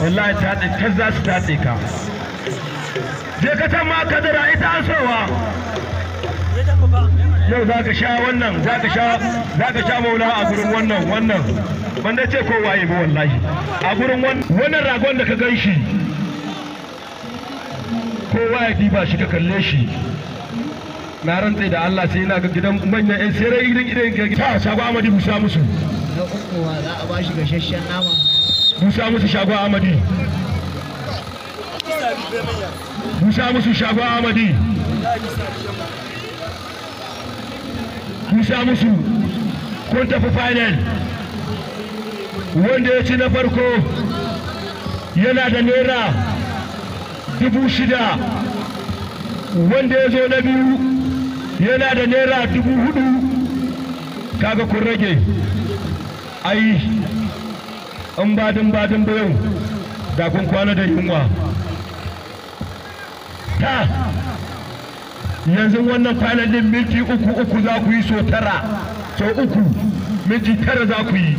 wallahi ta ɗin za su tatse ka je ka san ma kadara ita an sowa yau za ka sha wannan za ka sha za ka sha maula a gurin wannan wannan ban ce ko waye ba wallahi a gurin wannan ragon da ka gan shi ko waye diba shi ka kalle shi na rantse da Allah sai ina ga gidan manyan yan sai rai gidan gidan ta shago Amadu Musa musu na uku za a ba shi gashashen nama musa musu shagon amadi musa musu shagon amadi musa musu kun tafi final wanda ya ci na farko yana da naira dubu shida wanda ya zo na biyu yana da naira dubu hudu kaga kun rage ai in badin badin bayan da kun kwana da yunwa ta yanzu wannan kwanan minti uku uku za ku yi so tara so uku minti tara za ku yi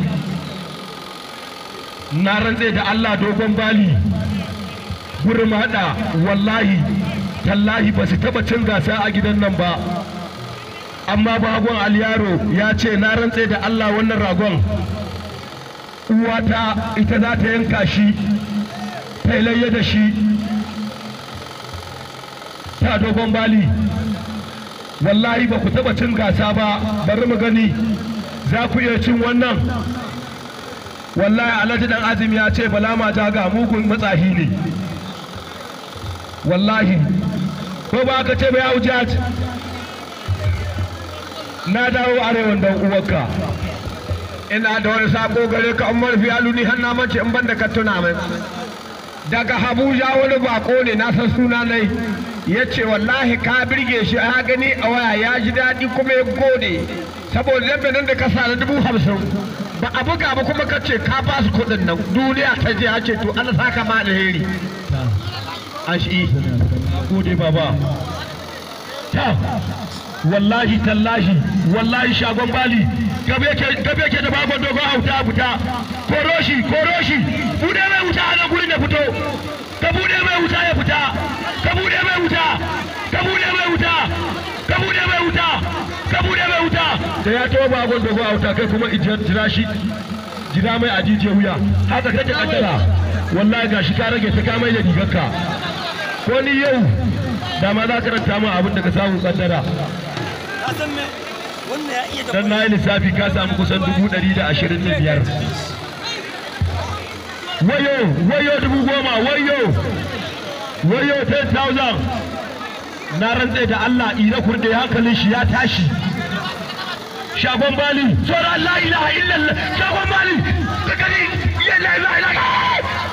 na rantse da Allah dogon bali gurmada wallahi tallahi ba su taba cin gasa a gidan nan ba amma bagon aliyaro ya ce na rantse da Allah wannan ragon ta ita za ta yanka shi ta layya da shi ta dogon bali wallahi ba ku taba cin gasa ba bari mu gani za ku iya cin wannan wallahi alhaji dan azumi ya ce bala ma ga mugun matsahi ne wallahi ko ba ka ce ba ya na dawo arewan dan uwarka ina da wani sako gare ka umar fiyalu ni har na mace in banda ka tuna mai daga habuja wani bako ne na san suna nai ya ce wallahi ka birge shi ya gani a waya ya ji daɗi kuma ya gode saboda yadda nan da ka sa dubu hamsin ba a buga ba kuma ka ce ka ba su kuɗin nan duniya ta je ya ce to an saka ma alheri ashi gode baba ta wallahi tallahi wallahi shagon bali gabe ke da bagon dogon hauta a fita koro shi koro shi bude mai wuta a nan gurin ya fito ka bude mai wuta ya fita ka bude mai wuta ka bude mai wuta ka bude mai wuta ka bude mai wuta da ya taɓa bagon dogon hauta kai kuma ijiyar jira shi jira mai a wuya haka kake kaddara wallahi gashi ka rage ta kamai da rigarka ko ni yau dama za ka ranta mu abin da ka samu kaddara don na yi lissafi ka samu kusan dubu ɗari da ashirin da biyar wayo wayo dubu goma wayo wayo 10,000 na rantse da Allah ina kurde hankalin shi ya tashi shagon bali tsoron la ilaha illallah shagon bali da la ilaha illallah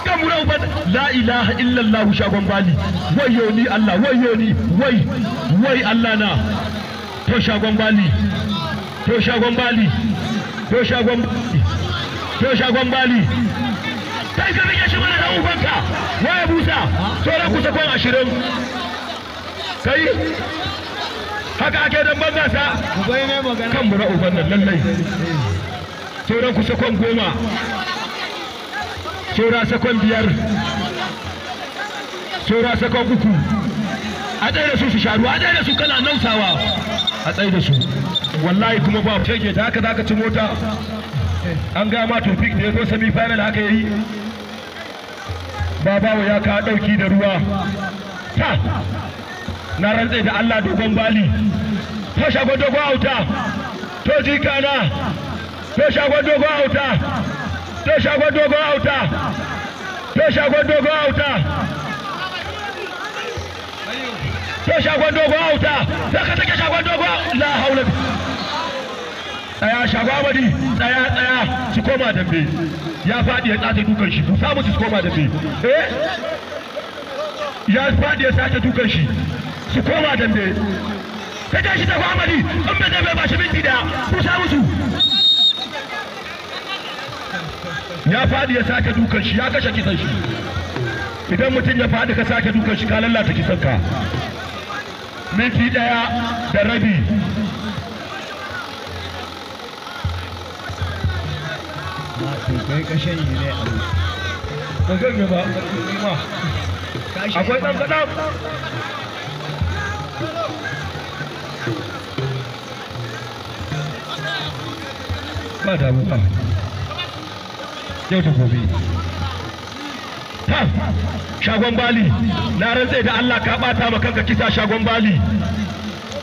kamura ubat la ilaha illallah shagon bali wayo ni Allah wayo ni wai wai Allah na to shagon bali to shagon bali to shagon to shagon ka rike shi mana da ubanka waya busa sauran kusa sakon ashirin kai haka ake dan banza sa kan bura uban nan lallai sauran kusa sakon goma saura sakon biyar saura sakon uku a da su su sharu a da su kana nausawa a tsaye da su wallahi kuma ba keke ta haka zaka ci mota an ga ma tofik da ya semi final haka yayi baba wa ya ka dauki da ruwa ta na rantsa da Allah dogon bali to shago dogon auta to jikana to shago dogon auta to shago dogon auta to shago dogon auta to shago dogon auta zaka take shago dogon la haula tsaya shagwabadi tsaya tsaya su koma da fe ya faɗi ya tsata dukan shi ku samu su koma da fe eh ya faɗi ya tsata dukan shi su koma da fe ka ga shi da famari in ba zai bai ba shi minti da ku samu su ya faɗi ya sake dukan shi ya kashe kisan shi idan mutum ya faɗi ka sake dukan shi ka lallata kisan ka minti daya da rabi to kai kashen shi ne abu ba zan gaba kuma akwai ɗan kaɗan ba da ba yau ta gobe shagon bali na rantsai da Allah ka bata maka kanka kisa shagon bali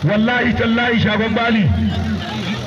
wallahi tallahi shagon bali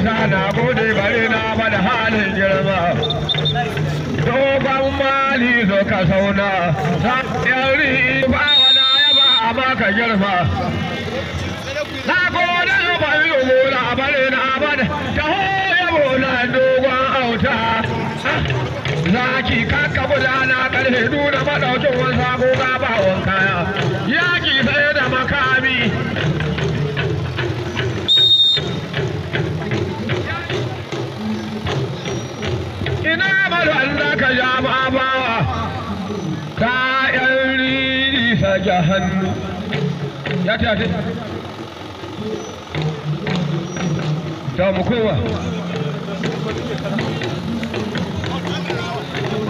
isa na gode bari na bada halin girma dogon mali zo ka sauna yari ba wana ya ba a baka girma na gode na bari gona bari na bada ta hoya bona dogon auta zaki kakka bula na karhe nuna madaukin wasa ko gaba wanka. hannu ya ta ta ta mu kowa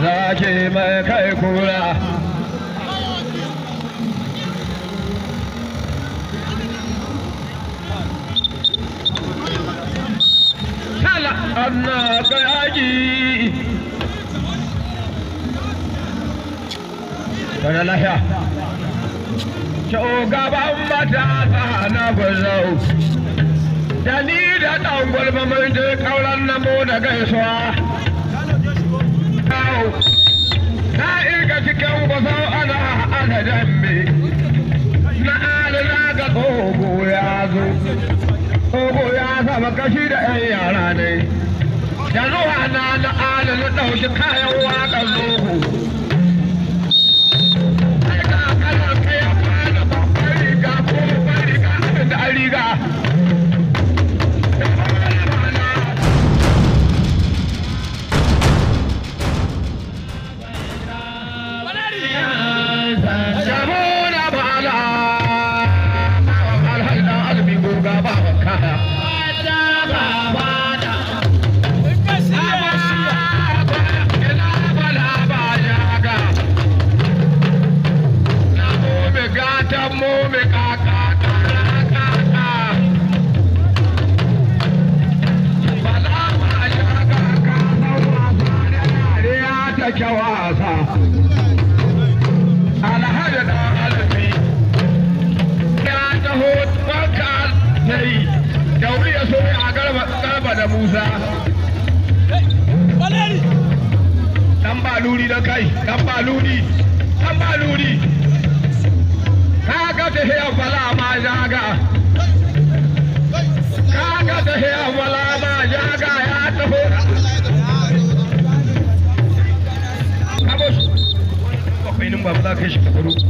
za ki mai kai kura Kala anna kayaji Kana lahiya shugaban matasa na guzau da ni da ɗan gwalba mun je ƙauran na mu da gaisuwa na irga cikin guzau ana ana dambe na ga kogo ya zo kogo ya saba kashi da ƴan yara ne da zuwa na na ɗauki kayan waƙar zogo ta yi da ya so a garba da musa dan ba luri da kai dan ba luri dan ba luri ta heya fala ma jaga kaga ta heya fala ma jaga ya taho nin babu za ka yi shi musa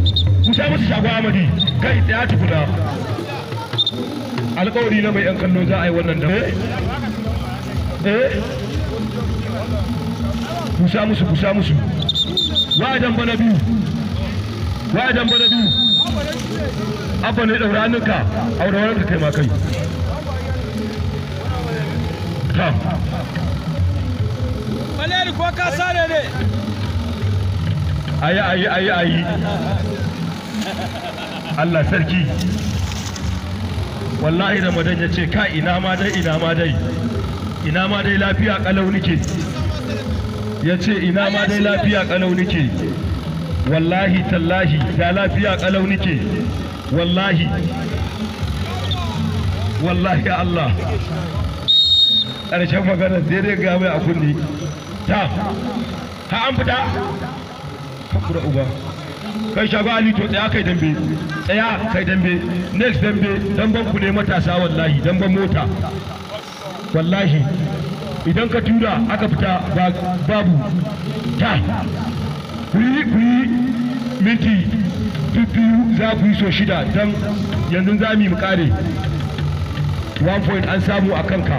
musu shagwa amadi kai alkawari na mai yan kallo za a yi wannan dama eh kusa musu kusa musu wa bana na biyu wa damba na biyu abba ne daura hannunka aure ka kai ma kai ta Valeri ko ka sare ne ayi ayi ayi ayi Allah sarki wallahi ramadan ya ce ka ina ma dai ina ma dai ina ma dai lafiya kalau nike ya ce ina ma dai lafiya kalau nike wallahi tallahi da lafiya kalau nike wallahi wallahi Allah ƙarshen magana sai dai ga mai a kunni ta ha an fita ka uba kai shago ali to tsaya kai dambe tsaya kai dambe next dambe damban ku ne matasa wallahi damban mota wallahi idan ka tura aka fita babu ta kuri kuyi minti biyu za ku yi so shida don yanzu za mu kare one point an samu a kanka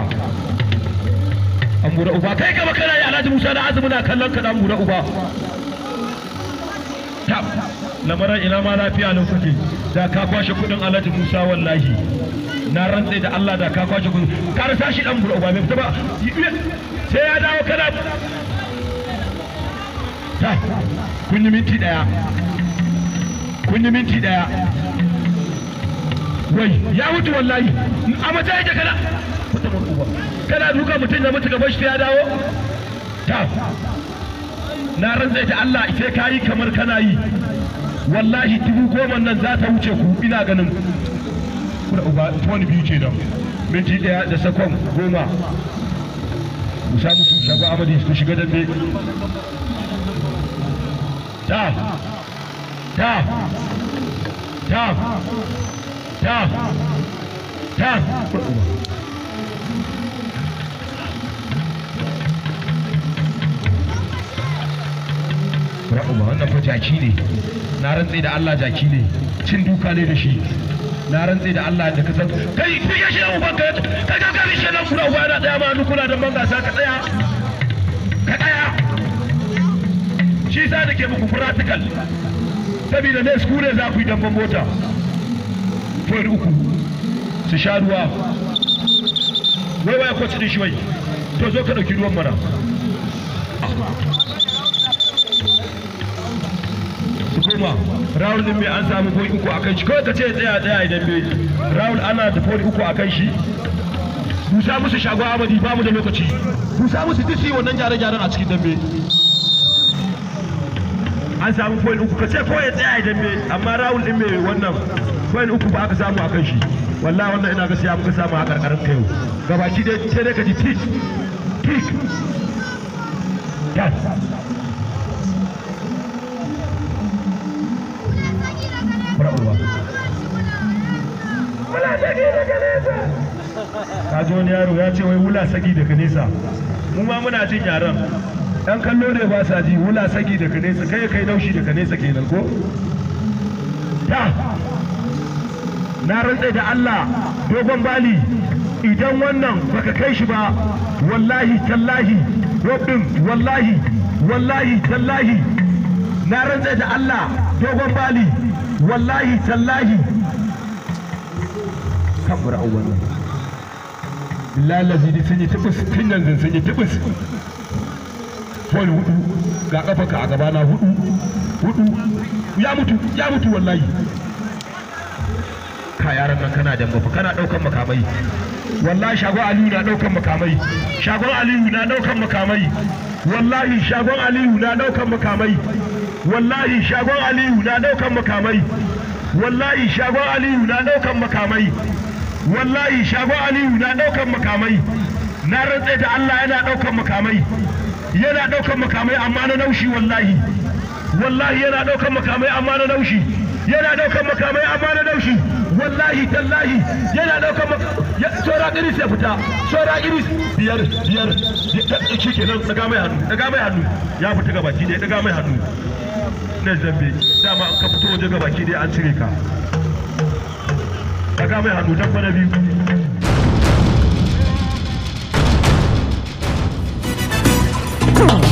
an buɗe uba kai gaba kana yi alhaji musa na azumi na kallon ka dan buɗe uba tap lamarin ina ma lafiya nan kuke da ka kwashe kudin alhaji musa wallahi na rantse da allah da ka kwashe kudin ka shi dan buru ba mai fita ba sai ya dawo kana ta kun yi minti daya kun yi minti daya wai ya wuce wallahi a mace yake kana kana duka mutum ya mutu gaban shi ya dawo ta na rantse da allah sai ka yi kamar kana yi wallahi dubu goma nan za ta wuce ku ina ganin uba tuwani biyu ke don. minti ɗaya da sakon goma mu samu su shago amadi su shiga dambe ta ta ta ta ta ba wannan fa jaki ne na rantse da Allah jaki ne cin duka ne da shi na rantse da Allah da ka san kai kai ya shiga uban ka ka ga ka shi nan kula uba na tsaya ma ni kula da banga sa ka tsaya ka tsaya shi sa da ke muku practical saboda ne skure za ku yi damban mota point uku su sha ruwa wai wai ko cikin shi wai to zo ka dauki ruwan mana goma rawul din bai an samu goyi uku a kan shi kawai ka ce tsaya tsaya idan bai rawul ana da fori uku a kan shi musa musu shago amadi ba mu da lokaci musa musu disi wannan gyare-gyaren a cikin dambe an samu foil uku ka ce kawai ya tsaya idan bai amma rawul din bai wannan foil uku ba aka samu a kan shi wallahi wannan ina ga siya muka samu a karkarin kai yau gabaki dai sai dai ka ji tik tik yes ka wani yaro ya ce wai wula saki daga nesa mu ma muna jin yaran yan kallo ne ba sa ji wula saki daga nesa kai kai laushi daga nesa kenan ko ta na rantse da Allah dogon bali idan wannan baka kai shi ba wallahi tallahi robin wallahi wallahi tallahi na rantse da Allah dogon bali wallahi tallahi kafir awwal lalazi da sun yi tubus tun yanzu sun yi tubus fol hudu ga kafaka a hudu hudu ya mutu ya mutu wallahi ka yaran nan kana da mafi kana makamai wallahi shagon aliyu na daukan makamai shagon aliyu na daukan makamai wallahi shagon aliyu na daukan makamai wallahi shagon aliyu na daukan makamai Walai shagon aliyu nak daukan makamai wallahi shago aliyu na daukan makamai na rantse da Allah yana daukan makamai yana daukan makamai amma na naushi wallahi wallahi yana daukan makamai amma na naushi yana daukan makamai amma na naushi wallahi tallahi yana daukan makamai tsora iris ya fita tsora iris biyar biyar shi ke nan daga mai hannu daga mai hannu ya fita gabaki dai daga mai hannu na zambe dama an ka fito waje gabaki dai an cire ka daga mai hannu dabba na biyu Oh.